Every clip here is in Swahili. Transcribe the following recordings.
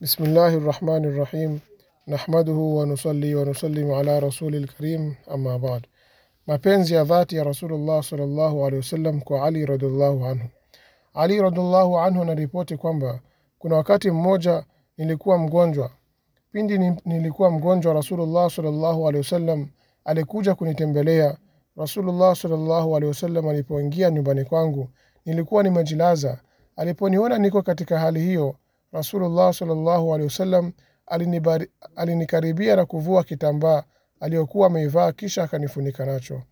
bismillahi rahmani rahim nahmaduhu wanusali ونصلي ونسلم rasuli lkarim الكريم أما mapenzi ya dhati ya rasulullah salllahu alehi wasallam kwa ali radiallahu anhu ali radiallahu anhu anaripoti kwamba kuna wakati mmoja nilikuwa mgonjwa pindi nilikuwa mgonjwa rasulullah salllahu alehi wasallam alikuja kunitembelea rasulullah salllahu alehi wasallam alipoingia nyumbani kwangu nilikuwa nimejilaza aliponiona niko katika hali hiyo Rasulullah sallallahu alaihi wasallam alinikaribia na kuvua kitambaa aliyokuwa ameivaa kisha akanifunika nacho.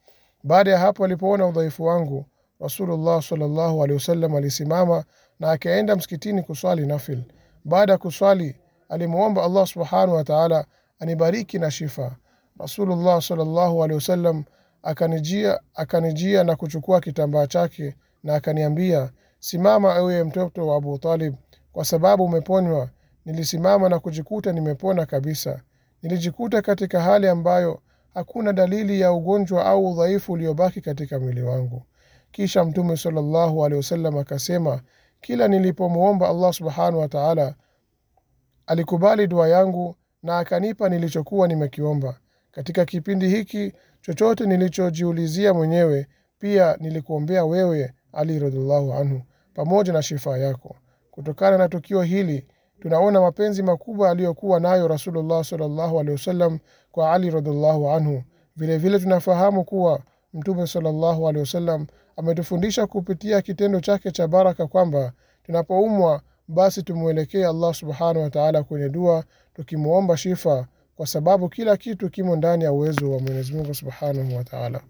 Baada ya hapo alipoona udhaifu wangu, Rasulullah sallallahu alaihi wasallam alisimama na akaenda msikitini kuswali nafil. Baada ya kuswali, alimwomba Allah subhanahu wa ta'ala anibariki na shifa. Rasulullah sallallahu alaihi wasallam akanijia akanijia na kuchukua kitambaa chake na akaniambia, simama ewe mtoto wa Abu Talib kwa sababu umeponywa. Nilisimama na kujikuta nimepona kabisa. Nilijikuta katika hali ambayo hakuna dalili ya ugonjwa au udhaifu uliobaki katika mwili wangu. Kisha Mtume sallallahu alaihi wasallam akasema, kila nilipomwomba Allah subhanahu wa ta'ala alikubali dua yangu na akanipa nilichokuwa nimekiomba. Katika kipindi hiki chochote nilichojiulizia mwenyewe pia nilikuombea wewe Ali radhiallahu anhu pamoja na shifaa yako. Kutokana na tukio hili tunaona mapenzi makubwa aliyokuwa nayo Rasulullah sallallahu alaihi wasallam kwa Ali radhiallahu anhu. Vile vile tunafahamu kuwa Mtume sallallahu alaihi wasallam ametufundisha kupitia kitendo chake cha baraka kwamba tunapoumwa basi tumwelekee Allah subhanahu wa ta'ala kwenye dua tukimwomba shifa kwa sababu kila kitu kimo ndani ya uwezo wa Mwenyezi Mungu subhanahu wa ta'ala.